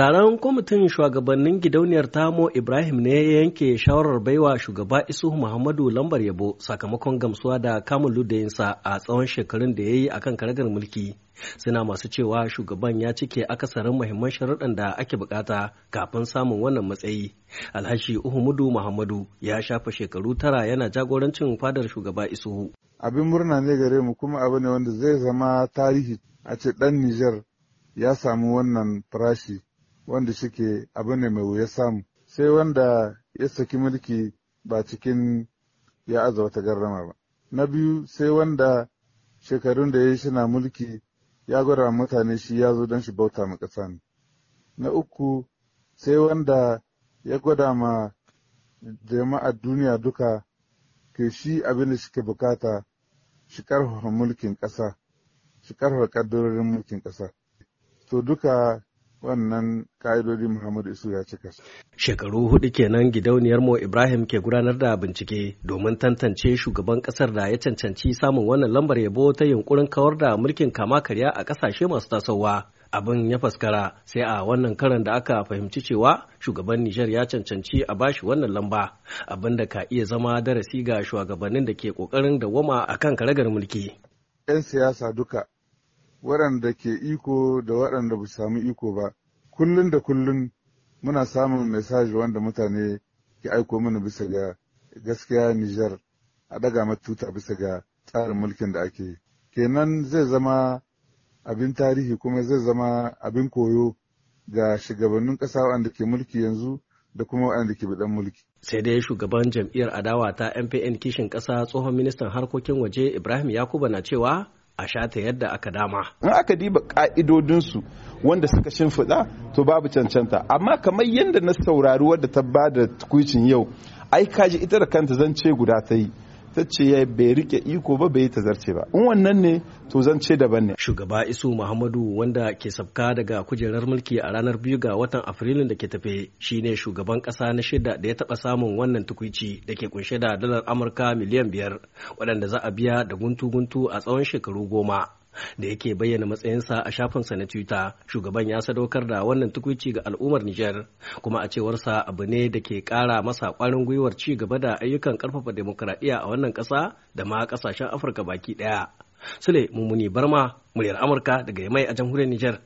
Taron kwamitin shugabannin gidauniyar Tamo Ibrahim ne ya yanke shawarar baiwa shugaba Isu Muhammadu lambar yabo sakamakon gamsuwa da kamun ludayinsa a tsawon shekarun da ya yi akan karagar mulki. Suna masu cewa shugaban ya cike akasarin muhimman sharuɗan da ake bukata kafin samun wannan matsayi. Alhashi Uhumudu Muhammadu ya shafa shekaru tara yana jagorancin fadar shugaba Isuhu. Abin murna ne gare mu kuma abu ne wanda zai zama tarihi a ce ɗan Nijar ya samu wannan farashi. wanda shike abu ne mai wuya samu sai wanda ya saki mulki ba cikin ya aza wata garrama ba na biyu sai wanda shekarun da ya shi na mulki ya gwada mutane shi ya zo don shi bauta ma ƙasa ne na uku sai wanda ya gwada ma jama'ar duniya duka ke shi abin da suke bukata shi karfafa mulkin ƙasa shi karfafa ƙaddarorin mulkin ƙasa to duka wannan ka'idodi Muhammadu Isu ya cika Shekaru hudu kenan gidauniyar Mo Ibrahim ke gudanar da bincike domin tantance shugaban kasar da ya cancanci samun wannan lambar yabo ta yunkurin kawar da mulkin kama karya a kasashe masu tasowa. Abin ya faskara sai a wannan karan da aka fahimci cewa shugaban Nijar ya cancanci a bashi wannan lamba abin da ka iya zama darasi ga shugabannin da ke kokarin dawwama akan karagar mulki. 'Yan siyasa duka waɗanda ke iko da waɗanda ba samu iko ba kullum da kullum muna samun mesaji wanda mutane ke aiko mana bisa ga gaskiya Nijar a daga matuta bisa ga tsarin mulkin da ake kenan zai zama abin tarihi kuma zai zama abin koyo ga shugabannin ƙasa waɗanda ke mulki yanzu da kuma waɗanda ke bidan mulki. Sai dai shugaban jam'iyyar adawa ta MPN kishin ƙasa tsohon ministan harkokin waje Ibrahim Yakuba na cewa a shata yadda aka dama. In aka diba ka'idodinsu wanda suka shimfiɗa to babu cancanta amma kamar yadda na saurari wadda ta ba da tukuicin yau ai kaji ita da kanta zan ce guda ta yi ta ce ya bai rike iko ba bai ta zarce ba in wannan ne to zan ce daban ne shugaba isu muhammadu wanda ke sabka daga kujerar mulki a ranar biyu ga watan afrilun da ke tafe shine shugaban kasa na shida da ya taba samun wannan tukuici da ke kunshe da dalar amurka miliyan biyar waɗanda za a biya da guntu-guntu a tsawon shekaru goma da yake bayyana matsayinsa a shafinsa na twitter shugaban ya sadaukar da wannan tukuici ga al'ummar niger kuma a cewarsa abu ne da ke kara masa kwarin gwiwar ci gaba da ayyukan karfafa demokradiyya a wannan ƙasa da ma kasashen afirka baki ɗaya. sule mummuni barma muryar amurka daga yamai a jamhuriyar niger